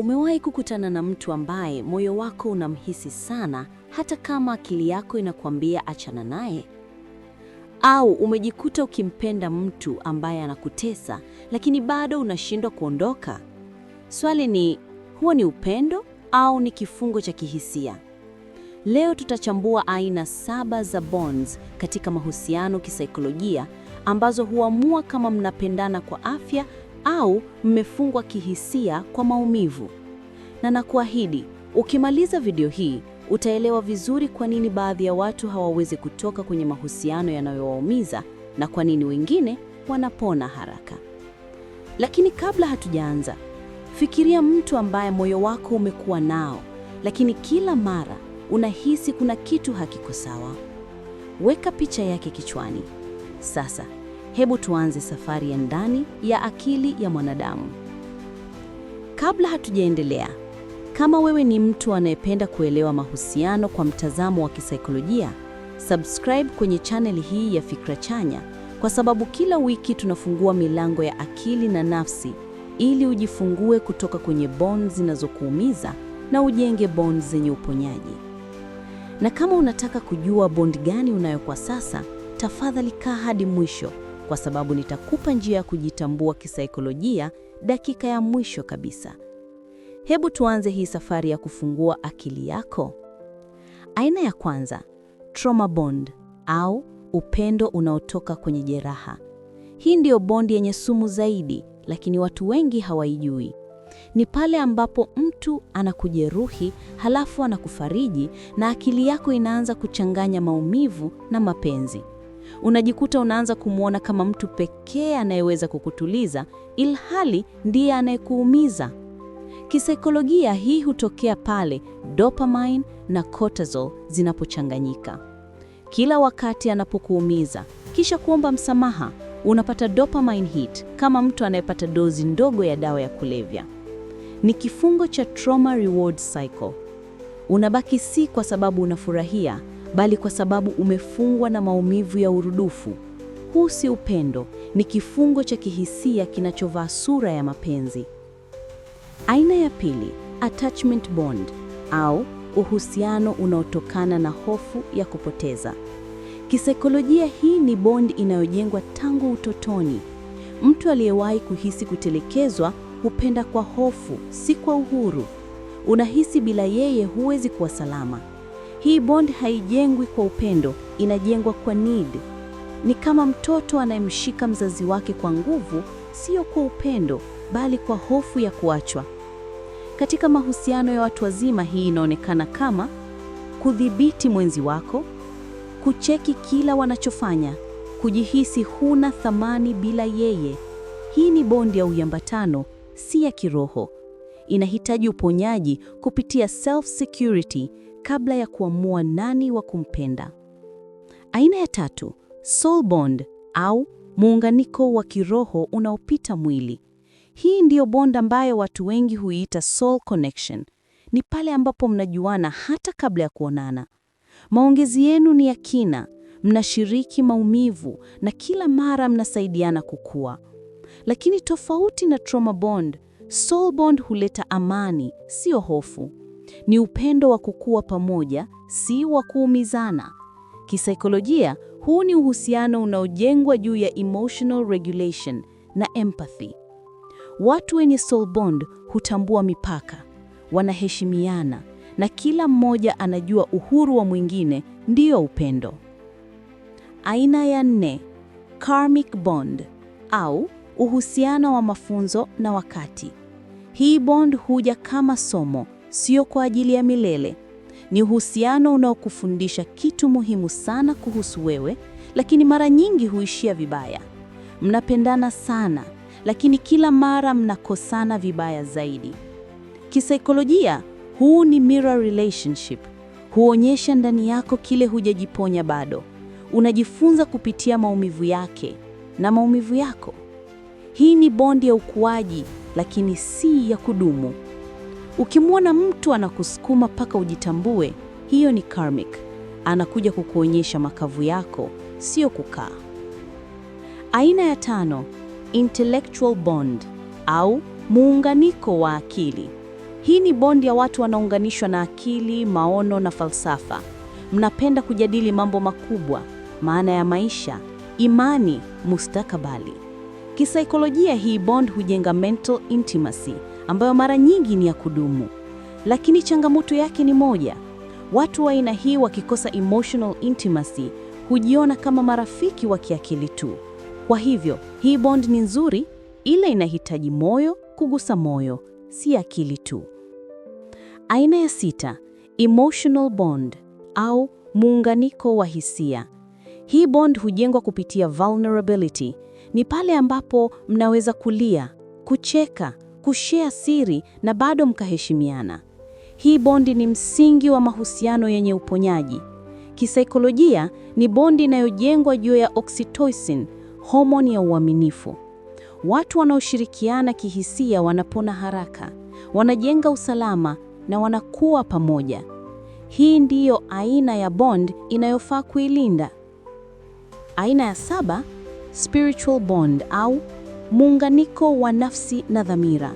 Umewahi kukutana na mtu ambaye moyo wako unamhisi sana hata kama akili yako inakuambia achana naye? Au umejikuta ukimpenda mtu ambaye anakutesa lakini bado unashindwa kuondoka? Swali ni, huo ni upendo au ni kifungo cha kihisia? Leo tutachambua aina saba za bonds katika mahusiano kisaikolojia ambazo huamua kama mnapendana kwa afya au mmefungwa kihisia kwa maumivu. Na nakuahidi, ukimaliza video hii utaelewa vizuri kwa nini baadhi ya watu hawawezi kutoka kwenye mahusiano yanayowaumiza na kwa nini wengine wanapona haraka. Lakini kabla hatujaanza, fikiria mtu ambaye moyo wako umekuwa nao, lakini kila mara unahisi kuna kitu hakiko sawa. Weka picha yake kichwani sasa. Hebu tuanze safari ya ndani ya akili ya mwanadamu. Kabla hatujaendelea, kama wewe ni mtu anayependa kuelewa mahusiano kwa mtazamo wa kisaikolojia, subscribe kwenye chaneli hii ya Fikra Chanya, kwa sababu kila wiki tunafungua milango ya akili na nafsi ili ujifungue kutoka kwenye bonds zinazokuumiza na ujenge bonds zenye uponyaji. Na kama unataka kujua bond gani unayo kwa sasa, tafadhali kaa hadi mwisho kwa sababu nitakupa njia ya kujitambua kisaikolojia dakika ya mwisho kabisa. Hebu tuanze hii safari ya kufungua akili yako. Aina ya kwanza, trauma bond au upendo unaotoka kwenye jeraha. Hii ndiyo bondi yenye sumu zaidi, lakini watu wengi hawaijui. Ni pale ambapo mtu anakujeruhi halafu anakufariji na akili yako inaanza kuchanganya maumivu na mapenzi unajikuta unaanza kumwona kama mtu pekee anayeweza kukutuliza, ilhali ndiye anayekuumiza. Kisaikolojia, hii hutokea pale dopamine na cortisol zinapochanganyika. Kila wakati anapokuumiza kisha kuomba msamaha, unapata dopamine hit kama mtu anayepata dozi ndogo ya dawa ya kulevya. Ni kifungo cha trauma reward cycle. Unabaki si kwa sababu unafurahia, bali kwa sababu umefungwa na maumivu ya urudufu. Huu si upendo, ni kifungo cha kihisia kinachovaa sura ya mapenzi. Aina ya pili, attachment bond au uhusiano unaotokana na hofu ya kupoteza. Kisaikolojia, hii ni bond inayojengwa tangu utotoni. Mtu aliyewahi kuhisi kutelekezwa hupenda kwa hofu, si kwa uhuru. Unahisi bila yeye huwezi kuwa salama. Hii bond haijengwi kwa upendo, inajengwa kwa need. Ni kama mtoto anayemshika mzazi wake kwa nguvu, sio kwa upendo, bali kwa hofu ya kuachwa. Katika mahusiano ya watu wazima, hii inaonekana kama kudhibiti mwenzi wako, kucheki kila wanachofanya, kujihisi huna thamani bila yeye. Hii ni bondi ya uyambatano, si ya kiroho inahitaji uponyaji kupitia self security kabla ya kuamua nani wa kumpenda. Aina ya tatu, soul bond au muunganiko wa kiroho unaopita mwili. Hii ndiyo bond ambayo watu wengi huiita soul connection. Ni pale ambapo mnajuana hata kabla ya kuonana. Maongezi yenu ni ya kina, mnashiriki maumivu na kila mara mnasaidiana kukua. Lakini tofauti na trauma bond, bond huleta amani, sio hofu. Ni upendo wa kukua pamoja, si wa kuumizana. Kisaikolojia, huu ni uhusiano unaojengwa juu ya emotional regulation na empathy. Watu wenye bond hutambua mipaka, wanaheshimiana na kila mmoja anajua uhuru wa mwingine, ndiyo upendo. Aina ya nne, karmic bond au uhusiano wa mafunzo na wakati. Hii bond huja kama somo, sio kwa ajili ya milele. Ni uhusiano unaokufundisha kitu muhimu sana kuhusu wewe, lakini mara nyingi huishia vibaya. Mnapendana sana, lakini kila mara mnakosana vibaya zaidi. Kisaikolojia, huu ni mirror relationship. Huonyesha ndani yako kile hujajiponya bado. Unajifunza kupitia maumivu yake na maumivu yako. Hii ni bondi ya ukuaji, lakini si ya kudumu. Ukimwona mtu anakusukuma mpaka ujitambue, hiyo ni karmic. Anakuja kukuonyesha makavu yako, sio kukaa. Aina ya tano, intellectual bond au muunganiko wa akili. Hii ni bondi ya watu wanaunganishwa na akili, maono na falsafa. Mnapenda kujadili mambo makubwa, maana ya maisha, imani, mustakabali. Kisaikolojia, hii bond hujenga mental intimacy ambayo mara nyingi ni ya kudumu, lakini changamoto yake ni moja. Watu wa aina hii wakikosa emotional intimacy hujiona kama marafiki wa kiakili tu. Kwa hivyo hii bond ni nzuri, ila inahitaji moyo kugusa moyo, si akili tu. Aina ya sita, emotional bond au muunganiko wa hisia. Hii bond hujengwa kupitia vulnerability, ni pale ambapo mnaweza kulia, kucheka, kushea siri na bado mkaheshimiana. Hii bondi ni msingi wa mahusiano yenye uponyaji. Kisaikolojia ni bondi inayojengwa juu ya oxytocin, homoni ya uaminifu. Watu wanaoshirikiana kihisia wanapona haraka, wanajenga usalama na wanakuwa pamoja. Hii ndiyo aina ya bond inayofaa kuilinda. Aina ya saba spiritual bond au muunganiko wa nafsi na dhamira.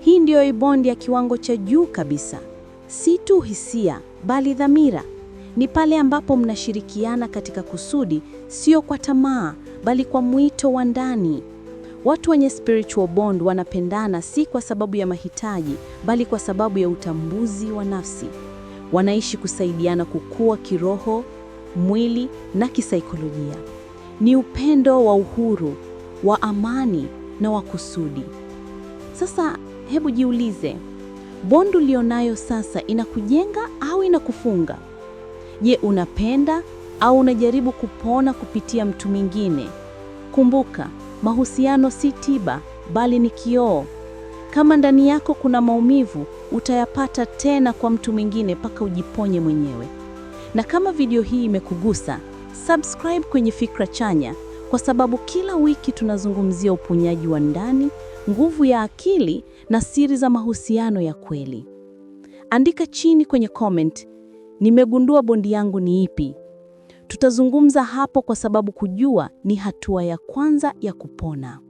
Hii ndiyo bond ya kiwango cha juu kabisa, si tu hisia bali dhamira. Ni pale ambapo mnashirikiana katika kusudi, sio kwa tamaa, bali kwa mwito wa ndani. Watu wenye spiritual bond wanapendana si kwa sababu ya mahitaji, bali kwa sababu ya utambuzi wa nafsi. Wanaishi kusaidiana kukua kiroho, mwili na kisaikolojia ni upendo wa uhuru, wa amani na wa kusudi. Sasa hebu jiulize, bondu ulionayo sasa inakujenga au inakufunga? Je, unapenda au unajaribu kupona kupitia mtu mwingine? Kumbuka, mahusiano si tiba bali ni kioo. Kama ndani yako kuna maumivu, utayapata tena kwa mtu mwingine mpaka ujiponye mwenyewe. Na kama video hii imekugusa subscribe kwenye Fikra Chanya kwa sababu kila wiki tunazungumzia upunyaji wa ndani, nguvu ya akili na siri za mahusiano ya kweli. Andika chini kwenye comment, nimegundua bondi yangu ni ipi? Tutazungumza hapo kwa sababu kujua ni hatua ya kwanza ya kupona.